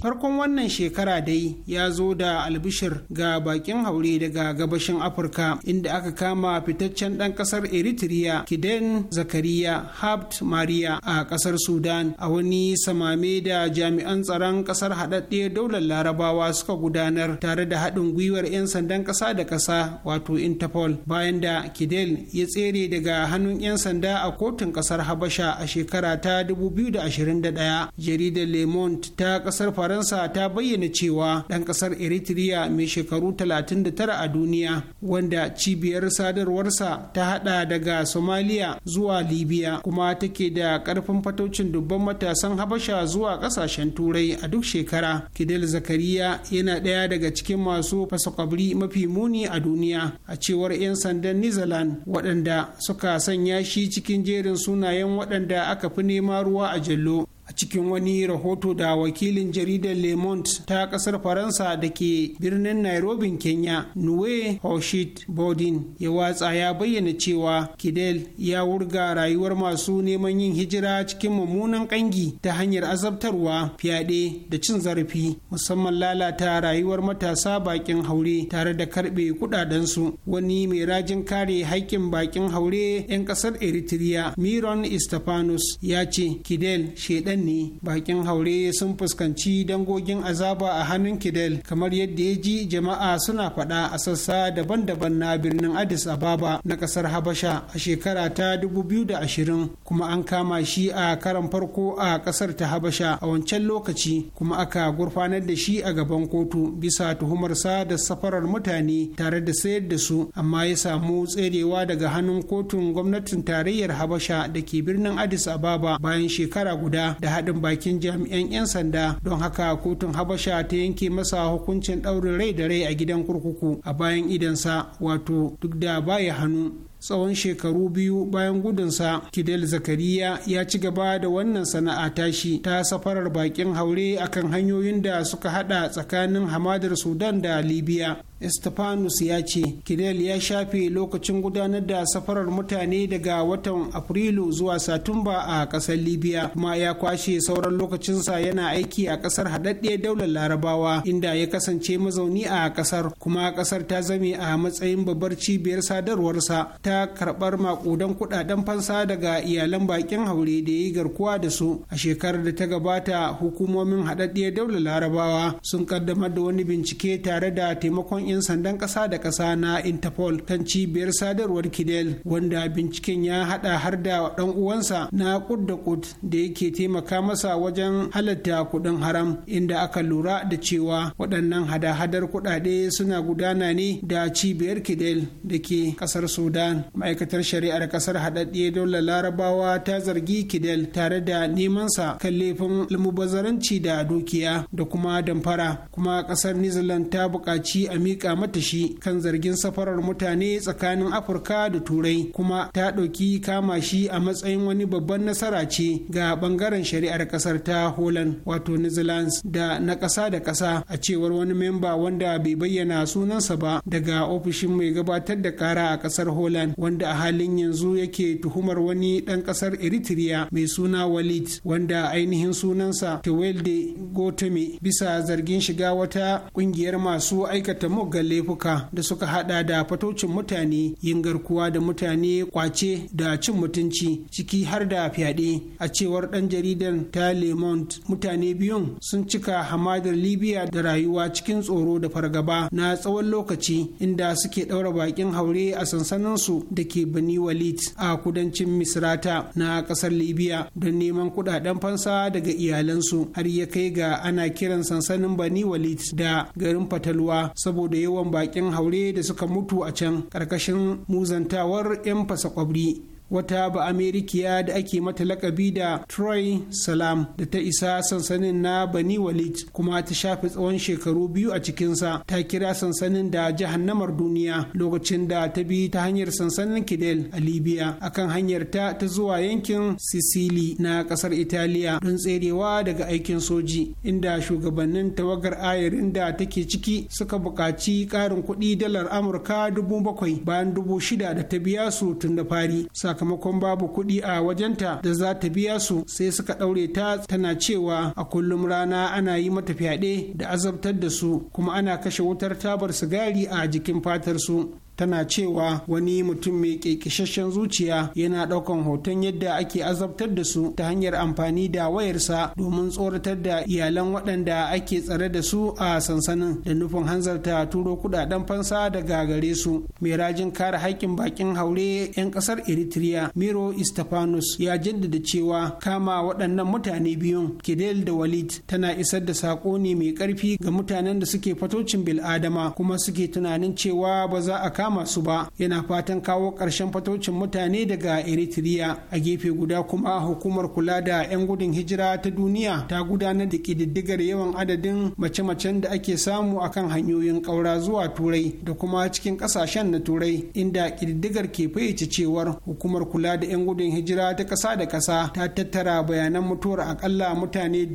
Speaker 4: farkon wannan shekara dai ya zo da albishir ga bakin haure daga gabashin afirka inda aka kama fitaccen ɗan ƙasar eritrea kiden zakariya habt maria a ƙasar sudan a wani samame da jami'an tsaron ƙasar haɗaɗɗe daular larabawa suka gudanar tare da haɗin gwiwar 'yan sandan ƙasa da ƙasa wato interpol bayan da kidel ya tsere daga hannun 'yan sanda a kotun ƙasar habasha a shekara ta 2021 jaridar le monde ta ƙasar faransa faransa ta bayyana cewa ɗan ƙasar eritrea mai shekaru 39 a duniya wanda cibiyar sadarwarsa ta hada daga somalia zuwa libya kuma take da ƙarfin fatocin dubban matasan habasha zuwa ƙasashen turai a duk shekara kidal zakariya yana ɗaya daga cikin masu fasakwabri mafi muni a duniya a cewar 'yan sandan netherland waɗanda suka sanya shi cikin jerin sunayen waɗanda aka fi nema ruwa a jallo cikin wani rahoto da wakilin jaridar le monde ta kasar faransa da ke birnin nairobi kenya nuwe hoshit bodin ya watsa ya bayyana cewa kidel ya wurga rayuwar masu neman yin hijira cikin mummunan kangi ta hanyar azabtarwa fyaɗe da cin zarafi musamman lalata rayuwar matasa bakin haure tare da karɓe kudadensu wani mai rajin kare haƙƙin bakin haure 'yan ƙasar eritrea miron istafanus ya ce kidel shaidan ne ne bakin haure sun fuskanci dangogin azaba a hannun kidal kamar yadda ya ji jama'a suna faɗa a sassa daban-daban na birnin addis ababa na ƙasar habasha a shekara ta 2020 kuma an kama shi a karan farko a ƙasar ta habasha a wancan lokaci kuma aka gurfanar da shi a gaban kotu bisa tuhumarsa da safarar mutane tare da sayar da su amma ya samu tserewa daga hannun kotun gwamnatin tarayyar habasha da ke birnin addis ababa bayan shekara guda da haɗin bakin jami'an 'yan sanda don haka kotun habasha ta yanke masa hukuncin ɗaurin rai da rai a gidan kurkuku a bayan idansa wato duk da baya hannu tsawon shekaru biyu bayan gudunsa kidal zakariya ya ci gaba da wannan sana'a tashi ta safarar bakin haure akan hanyoyin da suka hada tsakanin hamadar sudan da libya Estefanus ya ce, kidal ya shafe lokacin gudanar da safarar mutane daga watan Afrilu zuwa Satumba a ƙasar Libya, kuma ya kwashe sauran lokacinsa yana aiki a ƙasar haɗaɗɗe daular Larabawa, inda ya kasance mazauni a ƙasar, kuma ƙasar ta zame a matsayin babbar cibiyar sadarwarsa ta karɓar maƙudan kuɗaɗen fansa daga iyalan bakin haure da ya yi garkuwa da su. A shekarar da ta gabata, hukumomin haɗaɗɗiyar daular Larabawa sun ƙaddamar da wani bincike tare da taimakon 'yan sandan kasa da kasa na interpol kan cibiyar sadarwar kidel wanda binciken ya hada har da ɗan uwansa na kud da kud da yake taimaka masa wajen halatta kuɗin haram inda aka lura da cewa waɗannan hada-hadar kuɗaɗe suna gudana ne da cibiyar kidel da ke ƙasar sudan ma'aikatar shari'ar ƙasar haɗaɗɗe dole larabawa ta zargi kidel tare da nemansa kan laifin almubazzaranci da dukiya da kuma damfara kuma ƙasar new zealand ta buƙaci a mika mata shi kan zargin safarar mutane tsakanin afirka da turai kuma ta ɗauki kama shi a matsayin wani babban nasara ce ga bangaren shari'ar ƙasar ta holland wato netherlands da na ƙasa da ƙasa a cewar wani memba wanda bai bayyana sunansa ba daga ofishin mai gabatar da ƙara a ƙasar holland wanda a halin yanzu yake tuhumar wani ɗan ƙasar eritrea mai suna walid wanda ainihin sunansa tewelde gotame bisa zargin shiga wata ƙungiyar masu aikata mug ga laifuka da suka hada da fatocin mutane yin garkuwa da mutane kwace da cin mutunci ciki har da fyaɗe a cewar ɗan jaridar ta le mutane biyun sun cika hamadar libya da rayuwa cikin tsoro da fargaba na tsawon lokaci inda suke ɗaura bakin haure a sansaninsu da ke bani walid a kudancin misrata na ƙasar libya don neman kuɗaɗen fansa daga iyalansu har ya kai ga ana kiran sansanin bani walid da garin fatalwa saboda yawan bakin haure da suka mutu a can karkashin muzantawar 'yan fasa kwabri wata ba amerikiya da ake mata lakabi da troy salam da ta isa sansanin na bani walid kuma ta shafi tsawon shekaru biyu a cikinsa ta kira sansanin da jahannamar duniya lokacin da ta bi ta hanyar sansanin kidel a libya akan hanyar ta ta zuwa yankin sicily na kasar italiya don tserewa daga aikin soji inda shugabannin tawagar ayarin da take ciki suka buƙaci ƙarin kuɗi dalar amurka dubu bakwai bayan dubu shida da ta biya su tun da fari sakamakon babu kuɗi a wajenta da za ta biya su sai suka ɗaure ta tana cewa a kullum rana ana yi mata fyaɗe da azabtar da su kuma ana kashe wutar tabar sigari a jikin fatar su tana cewa wani mutum mai kekishashen zuciya yana ɗaukan hoton yadda ake azabtar da su ta hanyar amfani da wayarsa domin tsoratar da iyalan waɗanda ake tsare da su a sansanin da nufin hanzarta turo kuɗaɗen fansa daga gare su mai rajin kare haƙƙin bakin haure 'yan ƙasar eritrea miro istafanus ya jaddada cewa kama waɗannan mutane biyun kidel da walid tana isar da saƙo ne mai ƙarfi ga mutanen da suke fatocin bil'adama kuma suke tunanin cewa ba za a kama kama su ba yana fatan kawo ƙarshen fatocin mutane daga eritrea a gefe guda kuma hukumar kula da 'yan gudun hijira ta duniya ta gudanar da ƙididdigar yawan adadin mace-macen da ake samu akan hanyoyin ƙaura zuwa turai da kuma cikin ƙasashen na turai inda ƙididdigar ke fayyace cewar hukumar kula da 'yan gudun hijira ta ƙasa da ƙasa ta tattara bayanan mutuwar akalla mutane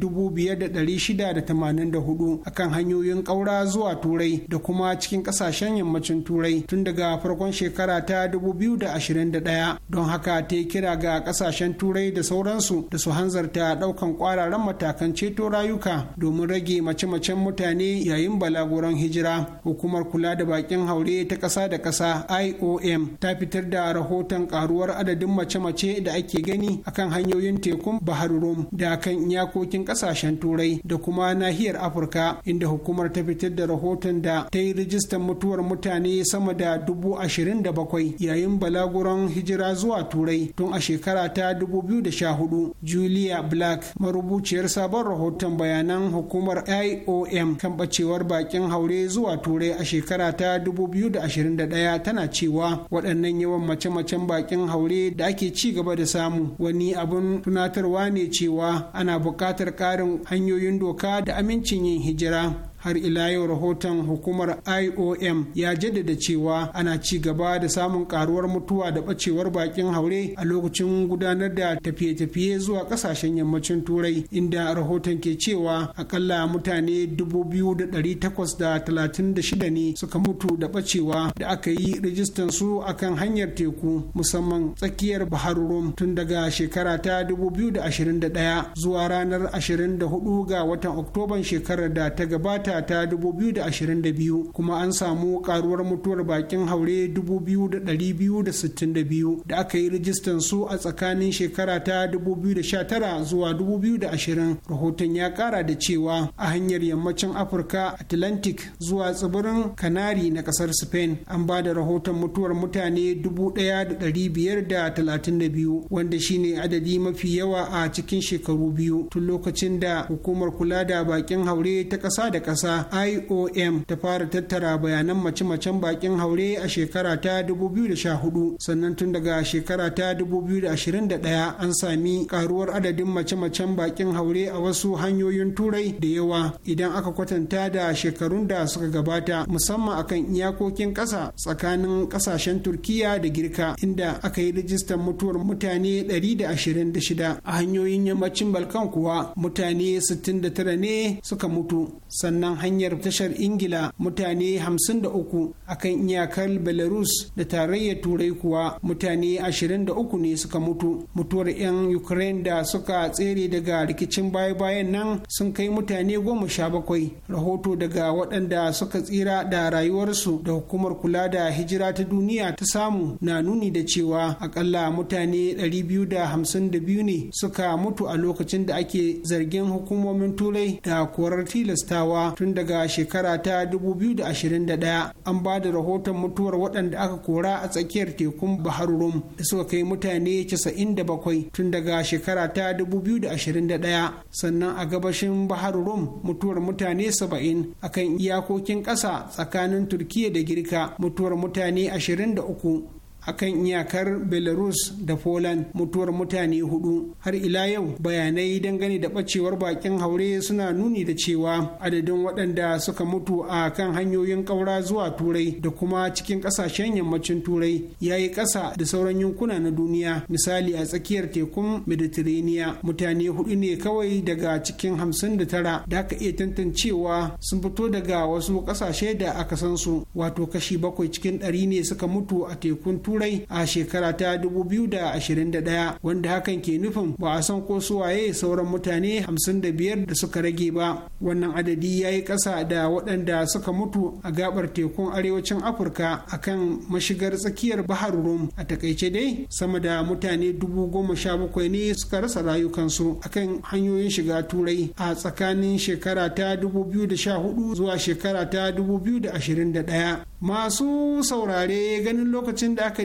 Speaker 4: da hudu akan hanyoyin ƙaura zuwa turai da kuma cikin ƙasashen yammacin turai tun daga farkon shekara ta 2021 don haka ta yi kira ga kasashen turai da sauransu da su hanzarta daukan kwararan matakan ceto rayuka domin rage mace-macen mutane yayin balaguran hijira hukumar kula da bakin haure ta kasa da kasa iom ta fitar da rahoton karuwar adadin mace-mace da ake gani akan hanyoyin tekun bahar rum da kan iyakokin ƙasashen turai da kuma nahiyar afirka inda hukumar ta fitar da rahoton da ta yi rijistar mutuwar mutane sama da da dubu ashirin da bakwai yayin balaguron hijira zuwa turai tun a shekara ta dubu biyu da sha hudu julia black marubuciyar sabon rahoton bayanan hukumar iom kan bacewar bakin haure zuwa turai a shekara ta dubu biyu da ashirin da ɗaya tana cewa waɗannan yawan mace-macen bakin haure da ake ci gaba da samu wani abun tunatarwa ne cewa ana buƙatar ƙarin hanyoyin doka da amincin yin hijira har ila yau rahoton hukumar iom ya jaddada cewa ana ci gaba da samun karuwar mutuwa da bacewar bakin haure a lokacin gudanar da tafiye-tafiye zuwa kasashen yammacin turai inda rahoton ke cewa akalla mutane 2,836 ne suka mutu da bacewa da aka yi rijistan su akan hanyar teku musamman tsakiyar bahar rum tun daga shekara ta 2021 zuwa ranar 24 ga watan oktoban shekarar da ta gabata ta 2022 kuma an samu karuwar mutuwar bakin haure 2,262 da aka yi rijistan su a tsakanin shekara ta 2019 zuwa 2020 rahoton ya kara da cewa a hanyar yammacin afirka atlantic zuwa tsibirin kanari na kasar spain an ba da rahoton mutuwar mutane 1,532 wanda shine adadi mafi yawa a cikin shekaru biyu tun lokacin da hukumar kula da bakin haure ta ƙasa da ƙasa ƙasa IOM ta fara tattara bayanan mace-macen bakin haure a shekara ta 2014 sannan tun daga shekara ta 2021 an sami karuwar adadin mace-macen bakin haure a wasu hanyoyin turai da yawa idan aka kwatanta da shekarun da suka gabata musamman akan iyakokin ƙasa tsakanin ƙasashen Turkiya da Girka inda aka yi rijistar mutuwar mutane 126 a hanyoyin yammacin Balkan kuwa mutane 69 ne suka mutu sannan nan hanyar tashar ingila mutane 53 akan iyakar belarus da tarayyar turai kuwa mutane 23 ne suka mutu mutuwar 'yan ukraine da suka tsere daga rikicin baya-bayan nan sun kai mutane 17 rahoto daga waɗanda suka tsira da rayuwarsu da hukumar kula da hijira ta duniya ta samu na nuni da cewa akalla mutane 252 ne suka mutu a lokacin da ake zargin hukumomin turai da korar tilastawa tun daga shekara ta 2021 an ba da rahoton mutuwar waɗanda aka kora a tsakiyar tekun bahar rum da suka kai mutane 97 tun daga shekara ta 2021 sannan a gabashin bahar rum mutuwar mutane 70 akan iyakokin ƙasa tsakanin turkiya da girka mutuwar mutane 23 a kan iyakar belarus da poland mutuwar mutane hudu har ila yau bayanai dangane da bacewar bakin haure suna nuni da cewa adadin waɗanda suka mutu a kan hanyoyin ƙaura zuwa turai da kuma cikin ƙasashen yammacin turai ya yi ƙasa da sauran yankuna na duniya misali a tsakiyar tekun mediterania mutane hudu ne kawai daga cikin hamsin da tara da aka iya tantancewa sun fito daga wasu ƙasashe da aka san su wato kashi bakwai cikin ɗari ne suka mutu a tekun turai turai a shekara ta 2021 wanda hakan ke nufin ba a san ko suwaye sauran mutane 55 da suka rage ba wannan adadi ya yi ƙasa da waɗanda suka mutu a gabar tekun arewacin afirka a kan mashigar tsakiyar bahar rum a takaice dai sama da mutane 17,000 ne suka rasa rayukansu akan hanyoyin shiga turai a tsakanin shekara ta 2014 zuwa shekara ta 2021 masu saurare ganin lokacin da aka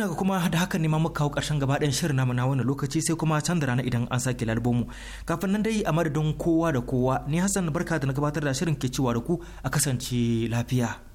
Speaker 2: kana ga kuma da haka ne ma muka kawo karshen gaba ɗayan shirin namu na wani lokaci sai kuma can da rana idan an sake mu kafin nan dai a madadin kowa da kowa ni hassan barka da na gabatar da shirin ke cewa da ku a kasance lafiya